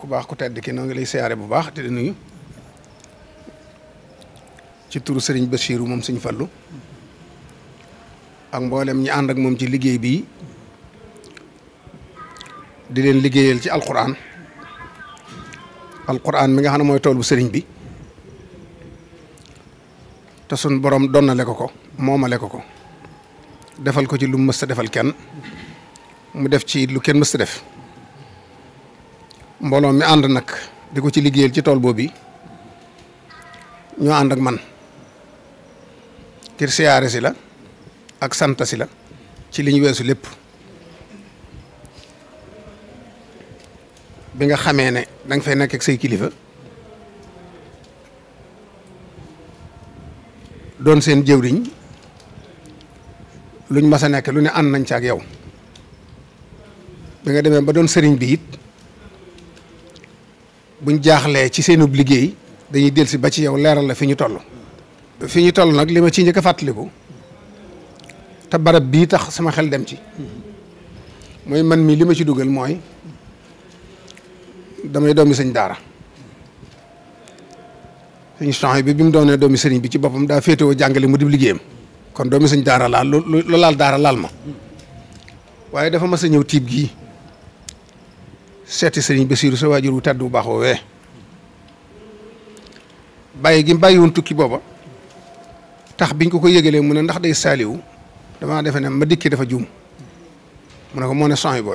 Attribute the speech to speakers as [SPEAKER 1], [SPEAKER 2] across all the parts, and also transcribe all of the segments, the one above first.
[SPEAKER 1] ku baax ku tedd ki noo lay siyaare bu baax te di nuyu ci turu sëriñ Bachirou moom sëñ Fallu ak mboolem ñu ànd ak moom ci liggéey bi di leen liggéeyal ci alquran alquran mi nga xam ne mooy tool bu sëriñ bi te sun borom donnale ko ko moomale ko ko defal ko ci lu mu mës a defal kenn mu def ci lu kenn mës def mbooloo mi ànd nag di ko ci liggéeyal ci tool boobu ñoo ànd ak man ngir siyaare si la ak sant si la ci li ñu weesu lépp bi nga xamee ne danga fay nekk ak say kilifa doon seen jëwriñ luñ mas a nekk lu ne ànd nañ ci ak yow bi nga demee ba doon sëriñ bi it buñ jaaxlee ci seenub liggéey dañuy dellu si ba ci yow leeral la fi ñu toll. fi ñu toll nag li ma ci njëkk a fàttaliku te barab bii tax sama xel dem ci mooy man mii li ma ci dugal mooy damay doomi sëñ daara sëñ change bi bi mu doonee doomi sëriñ bi ci boppam daa féetewoo jàngale mu dib liggéeyam kon doomi sëñ daara laal lu laal daara laal ma waaye dafa mas a ñëw tiib gii seeti sëriñ Basiiru sa waajur wu tàdd bu baax woowee bàyyi gi mu bàyyi woon tukki booba tax biñ ko ko yëgalee mu ne ndax day saaliwu damaa defe ne ma dikki dafa juum mu ne ko moo ne sang yi boo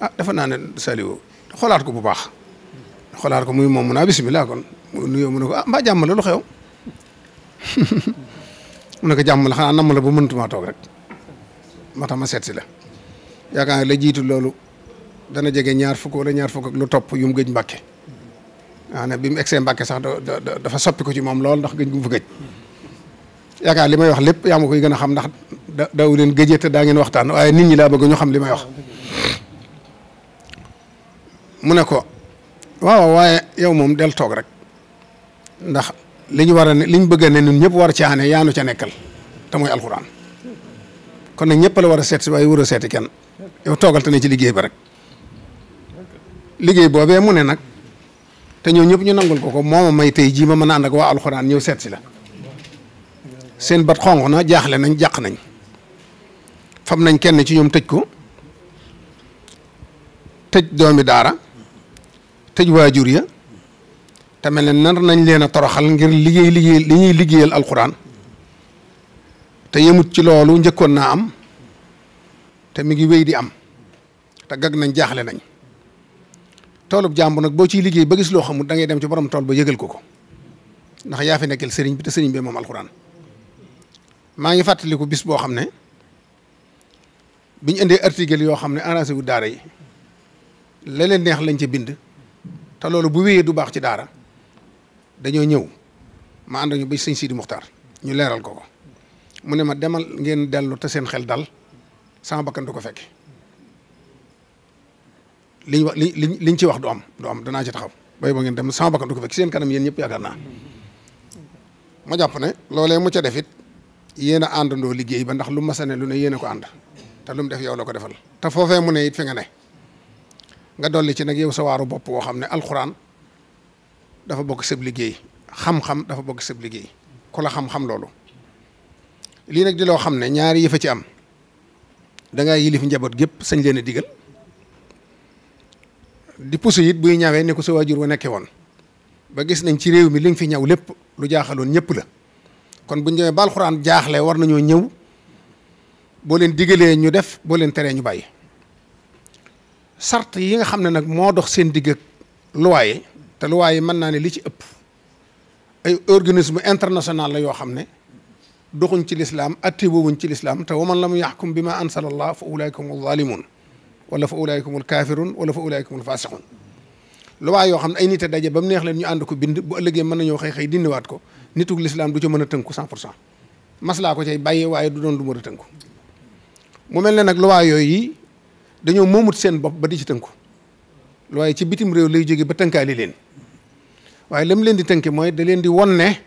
[SPEAKER 1] ah dafa naa ne saaliwu xoolaat ko bu baax xoolaat ko muy moom mu naa ah, bisimilah kon mu nuyoo mu ne ko ah mbaa jàmm la lu xew mu ne ko jàmm la xanaa namm la ba mëntumaa toog rek moo ma seet si la yaakaar la jiitu loolu dana jege ñaar fukk wala ñaar fukk ak lu topp yu mu gëj Mbàkke maanaam ah, bi mu egsee Mbàkke sax dafa soppi ko ci moom lool ndax gëj gu mu fa gëj yaakaar li may wax lépp yaa ma koy gën a xam ndax da leen gëjee te daa ngeen waxtaan waaye nit ñi laa bëgg ñu xam li may wax mu ne ko waaw waaye yow moom del toog rek ndax li ñu war a ne li ñu bëgg ne ñun ñëpp war a yaa nu ca nekkal te mooy alxuraan kon nag ñëpp la war a seet si waaye war seeti kenn yow toogal te ci liggéey ba rek liggéey boobee mu ne nag te ñoo ñëpp ñu nangul ko ko mooma may tey jii ma mën a ànd ak waa alxuraan ñëw seet si la seen bat xonq na jaaxle nañ jàq nañ fam nañ kenn ci ñoom tëj ko tëj doomi daara tëj waajur ya te mel ne nar nañ leen a toroxal ngir liggéey liggéey li ñuy liggéeyal alxuraan te yemut ci loolu njëkkoon naa am te mi ngi wéy di am te gag nañ jaaxle nañ toolub jàmbur nag boo ciy liggéey ba gis loo xamul dangay dem ci borom tool ba yëgal ko ko ndax yaa fi nekkal sëriñ bi te sëriñ bi moom alxuraan maa ngi fàttaliku bis boo xam ne bi ñu indee article yoo xam ne arrangé wu daara yi la leen neex lañ ca bind te loolu bu wéyee du baax ci daara dañoo ñëw ma ànd ñu ba sii Sidi Muxtaar ñu leeral ko ko mu ne ma demal ngeen dellu te seen xel dal sama bakkan ko fekke liñ wax li liñ liñ ci wax du am du am danaa ci taxaw bay ba ngeen dem sama bakkan du ko fekk seen kanam yéen ñëpp yaakaar naa ma jàpp ne loolee mu ca def it yéen a àndandoo liggéey ba ndax lu mas a ne lu ne yéen ko ànd te lu mu def yow loo ko defal te foofee mu ne it fi nga ne nga dolli ci nag yow sa waaru bopp woo xam ne alxuraan dafa bokk sëb liggéey xam-xam dafa bokk seb liggéey ku la xam-xam loolu lii nag di loo xam ne ñaari yëfa ci am dangay y yilif njaboot gépp sañ leen a digal di puso it buy ñawee ni ko sa waajur wa nekkee woon ba gis nañ ci réew mi li nga fi ñaw lépp lu jaaxaloon ñëpp la kon bu ñu demee ba alxuraan jaaxle war nañoo ñëw boo leen digalee ñu def boo leen teree ñu bàyyi sart yi nga xam ne nag moo dox seen digg ak luwaa yi te luwaa yi mën naa ne li ci ëpp ay organisme international la yoo xam ne doxuñ ci lislaam atte boowuñ ci lislaam te waman lam yaxkum bi ma ansala allah fa ulaika hum zalimun wala fa ulaayikumul kaafiruun wala fa ulaayikumul faasiquun luwaa yoo xam ne ay nit a daje ba mu neex leen ñu ànd ko bind bu ëllëgee mën nañoo xëy xëy dindiwaat ko nituk lislaam du ca mën a tënku cent pour cent maslaa ko cay bàyyee waaye du doon lu mën a tënku mu mel ne nag luwaa yooyu yi dañoo moomut seen bopp ba di ci tënku luwaaye ci bitim réew lay jóge ba tënkaali leen waaye lam leen di tënke mooy da leen di won ne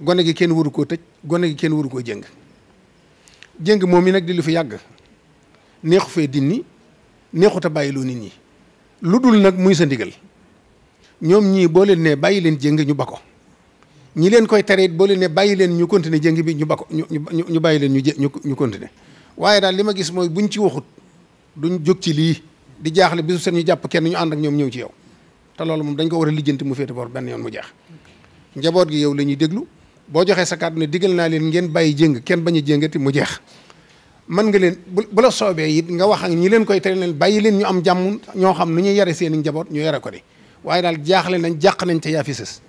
[SPEAKER 1] gone gi kenn waru koo tëj gone gi kenn waru koo jëng jëng moom yi nag di lu fi yàgg neexu fee dinni neexut a bàyyiloo nit ñi lu dul nag muy sa ndigal ñoom ñii boo leen ne bàyyi leen jéng ñu ba ko ñi leen koy tere it boo leen ne bàyyi leen ñu continuer jéng bi ñu ba ñu ñu ñu bàyyi leen ñu jé ñu continuer waaye daal li ma gis mooy buñ ci waxut duñ jóg ci lii di jaaxle bisu seen ñu jàpp kenn ñu ànd ak ñoom ñëw ci yow te loolu moom dañ ko war a lijjanti mu féete boor benn yoon mu jeex njaboot gi yow lañuy déglu boo joxee sa kàddu ne digal naa leen ngeen bàyyi jéng kenn bañ a jéngati mu jeex mën nga leen bu la soobee it nga wax ak ñi leen koy tere leen bàyyi leen ñu am jàmm ñoo xam nu ñuy yare seen njaboot ñu yare ko di waaye daal jaaxle nañ jàq nañ te yaa fi sës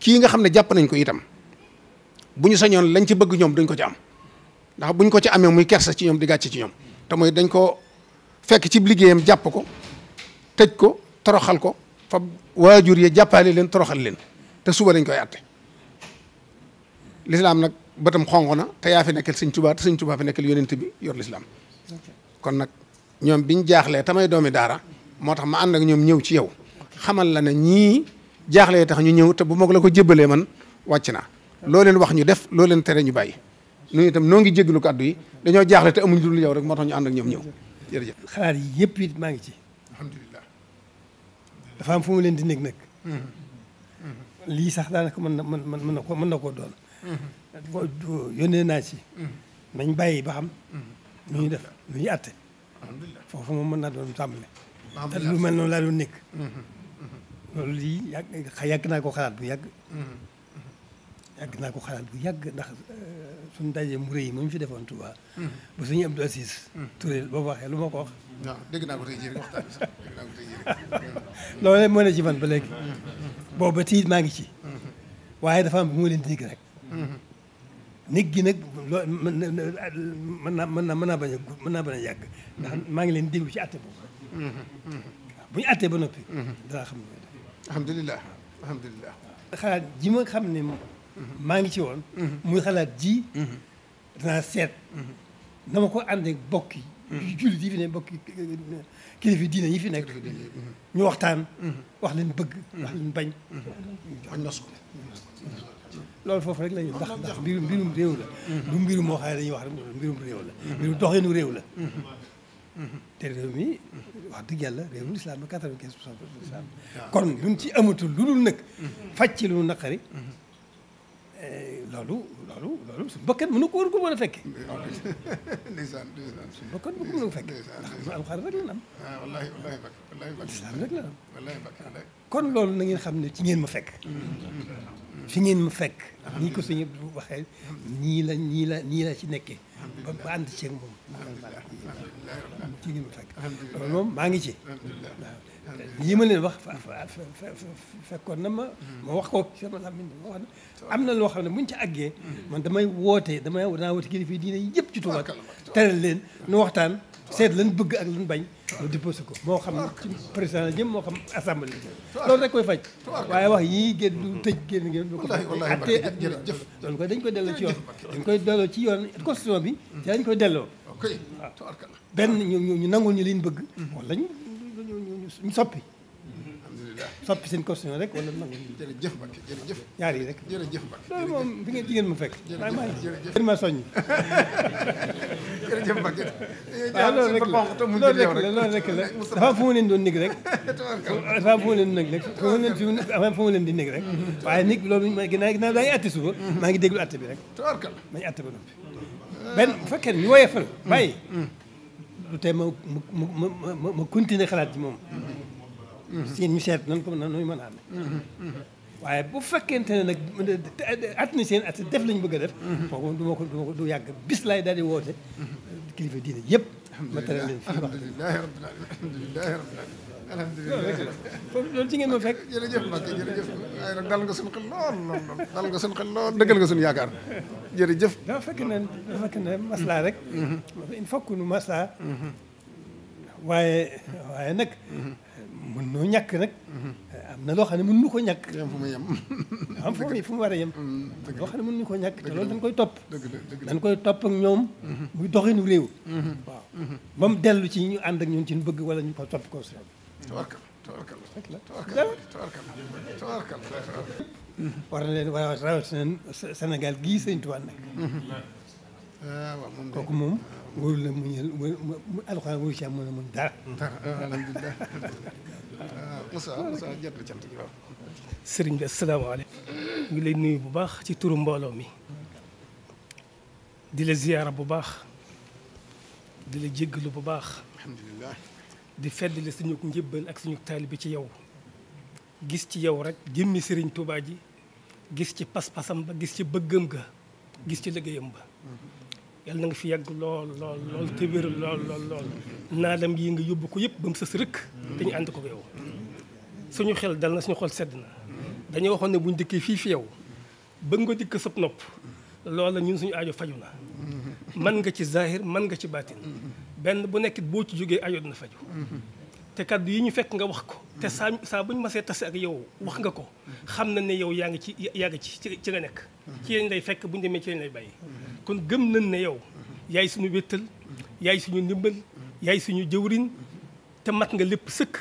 [SPEAKER 1] kii nga xam ne jàpp nañ ko itam bu ñu sañoon lañ ci bëgg ñoom dañ ko ci am ndax buñ ko ci amee muy kersa ci ñoom di gàcce ci ñoom te mooy dañ ko fekk ci liggéeyam jàpp ko tëj ko toroxal ko fa waajur yi jàppale leen toroxal leen te suba dañ koy àtte lislaam nag bëtam xonq na te yaa fi nekkal sëñ Tuubaa te sëñ Tuubaa fi nekkal yonent bi yor lislaam kon nag ñoom biñ jaaxlee tamay doomi daara moo tax ma ànd ak ñoom ñëw ci yow xamal la ne ñii jaaxlee tax ñu ñëw te bu mag la ko jébbalee man wàcc naa loo leen wax ñu def loo leen tere ñu bàyyi ñun itam noo ngi jégalu kàddu yi dañoo jaaxle te amuñ lu yow rek moo tax ñu ànd ak ñoom ñëw jërëjëf. xalaat
[SPEAKER 2] yi yëpp it maa ngi ci. alhamdulilah. dafa am fu mu leen di nekk nag. Mm-hmm. Mm-hmm. lii sax daanaka mën na mën na mën na koo mën na koo doon. Mm-hmm. yónnee naa ci. Mm. nañ bàyyi ba xam. Mm. lu ñuy def lu atte. foofu moom mën naa doon tàmbale. te lu mel noonu laa doon nekk. Mm-hmm. Mm-hmm. loolu lii yàgg yàgg naa ko xalaat bu yàgg. Mm-hmm. yàgg naa ko xalaat bu yàgg ndax euh, suñu dajee mu rëy ma ñu defoon Touba. ko wax. waaw dégg naa ko tey jii waxtaan naa ko tey jii. loolu moo ne ci man ba léegi. boobu tiit maa ngi ci. waaye dafa am bu leen dégg rek. néeg gi nag loo mën na mën na bañ a mën naa bañ a yàgg. ndax maa ngi leen déglu ci àtte boobu. bu ñu àttee ba noppi. danaa xam ne. alhamdulilah alhamdulilah. xalaat ji ma xam ne ngi ci woon. Mhm. muy xalaat ji. Mhm. danaa seet. Mhm. na ko ànd ak yi. Mm-hmm. jullit yi fi ne mbokk kilifa diine yi fi nekk mm-hmm. ñu waxtaan mm-hmm. wax leen bëgg wax leen bañ wax nos ko loolu foofu rek la ñu ndax ndax mbiru mbirum réew la du mbirum moo xam ne dañuy wax rek mbirum réew la mbirum doxinu réew la te réew mi wax dëgg yàlla réewum lislaam la quatre-vingt-quinze pour cent lislaam kon luñ ci amatul lu dul nag faj ci lu naqari loolu loolu loolu suñu mu mënu ko war ko mën fekk fekke ndeysaan ndeysaan suñu bakkan bu ko mën a fekke ndax alxuraan rek la
[SPEAKER 1] ah,
[SPEAKER 2] kon loolu na ngeen xam ne ci ngeen ma fekk mm, mm. fi ngeen mu fekk nii ko suñu waxee nii la nii la nii la ci nekkee ba ba ànd ceeg mu fekk maa ngi ci yii ma leen wax fekkoon na ma ma wax ko sama làmmiñ am na loo xam ne buñ ci àggee man damay wootee damay danaa woote kilifa diine yëpp ci Tuuba teral leen nu waxtaan seet lan bëgg ak lan bañ mu ko moo xam ci président la moo xam assemblée la jëm loolu rek koy faj waaye wax yii génn du tëj génn ngeen du ko attee ak loolu koy dañ koy delloo ci yoon dañ koy delloo ci yoon constitution bi ci lañ delloo waaw benn ñu ñu nangul ñu liñ bëgg wala lañu soppi. alhamdulilah soppi seen constitution rek wala nangu. jërëjëf Mbacke jërëjëf. ñaar yi rek jërëjëf Mbacke. loolu moom fi ngeen jigéen ma fekk. jërëjëf ma soññi. jërëjëf Mbacke. waaw loolu rek la loolu rek la dafa am fu mu leen doon nekk rek. dafa am fu mu leen doon nekk rek fu mu leen fi dafa am fu mu leen di nekk rek. waaye nit loolu ginnaaw ginnaaw daa ngi àtte suba. maa ngi déglu àtte bi rek. tabarkal nañu àtte ba noppi. benn bu fekkee ñu woyefal bàyyi mm. du tee ma ma ma ma continuer xalaat ci moom. seen ñu seet nan ko nan nu mën a amee. waaye bu fekkente ne nag at na seen at def lañ bëgg a def. kooku du ma ko du ma yàgg bis laay daal di woote. kilifa diine yëpp. ma tere leen fii wax alhamdulilah alhamdulilah alhamdulilah
[SPEAKER 1] loolu ci ngeen ma fekk. jërëjëf Mbacke jërëjëf waaye nag dal nga suñu xel lool lool lool dal nga suñu xel lool dëggal nga suñu yaakaar
[SPEAKER 2] jërëjëf. dafa fekk ne dafa fekk ne maslaa rek. Mhm. il faut nu maslaa. Mhm. waaye waaye nag. Mhm. mën noo ñàkk nag. am na loo xam ne mën nu ko ñàkk. yem fu mu a yem. Mm, dëgg loo xam ne mën nu ko ñàkk te loolu dañ koy topp. dañ koy topp ak ñoom. muy doxinu réew. waaw ba mu dellu ci ñu ànd ak ñun ci ñu bëgg wala ñu ko topp ko si. tawarkal tawarkal tawarkal tawarkal war na leen waaw rawatina Sénégal gii sëñ Tuubaa nag. waaw moom de kooku moom. wóorul na mu
[SPEAKER 3] ñu mu alxuraan wóorul si amoon na mu dara. alhamdulilah
[SPEAKER 1] ah, Moussa Moussa jot na cant gi waaw.
[SPEAKER 3] sëriñ bi asalaamaaleykum. ñu ngi lay nuyu bu baax ci turu mbooloo mi. di la ziyaara bu baax. di la jéggalu bu baax. alhamdulilah. di feddali suñu njëbbal ak suñu taalibe ci yow gis ci yow rek jëmmi sëriñ Tuubaa ji gis ci pas-pasam ba gis ci bëggam ga gis ci liggéeyam ba yàlla na nga fi yàgg lool lool lool te wér lool lool lool naadam yi nga yóbbu ko yëpp ba mu sës rëkk te ñu ànd ko yow suñu xel dal na suñu xool sedd na dañuy waxoon ne buñ dikkee fii fi yow bëgg nga dikk sab nopp loola ñun suñu aajo faju na mm-hmm. man nga ci zahir man nga ci baatin benn bu nekkit boo ci jógee ayoot na faju mm-hmm. te kaddu yi ñu fekk nga wax ko te saa saa bu ñu masee tase ak yow wax nga ko mm-hmm. xam na ne yow yaa ngi ci yaa ci ci nga nekk mm-hmm. ci lañ lay fekk bu ñu demee ci lay bàyyi kon gëm nañ ne yow yaay suñu wéttal yaay suñu ndimbal yaay suñu jëwriñ te mat nga lépp sëkk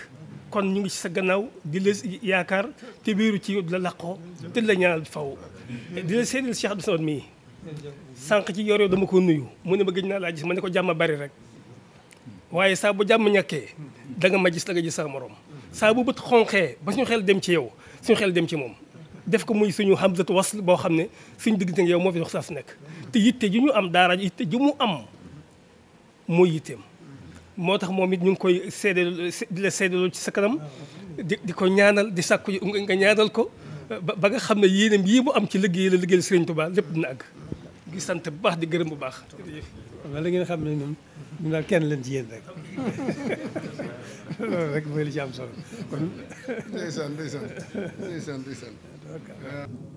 [SPEAKER 3] kon ñu ngi ci sa gannaaw di la yaakaar te wéeru ci yow di la làqoo te la ñaanal faw di la seedil Cheikh Abdou Samad mii sanq ci yor yow dama ko nuyu mu ne ma gëñ naa laa gis ma ne ko jàmm bari rek waaye saa bu jàmm ñàkkee da nga ma gis da nga gis sa morom saa bu bët xonqee ba suñu xel dem ci yow suñu xel dem ci moom def ko muy suñu hamzatu wasl boo xam ne suñu diggante ak yow moo fi dox saa su nekk te yitte ji am daara yitte ji mu am mooy moo tax moom it ñu ngi koy seedeel di la seedeeloo ci sa kanam di di ko ñaanal di sàkku nga ñaanal ko ba nga xam ne yéenam yii bu am ci liggéey la liggéeyal Sëriñ Tuubaa lépp dina àgg. di sant bu baax di gërëm bu baax. waaw la ngeen
[SPEAKER 2] ñun daal kenn leen ci yéen rek loolu rek mooy li ci am solo kon. ndeysaan ndeysaan ndeysaan ndeysaan euh,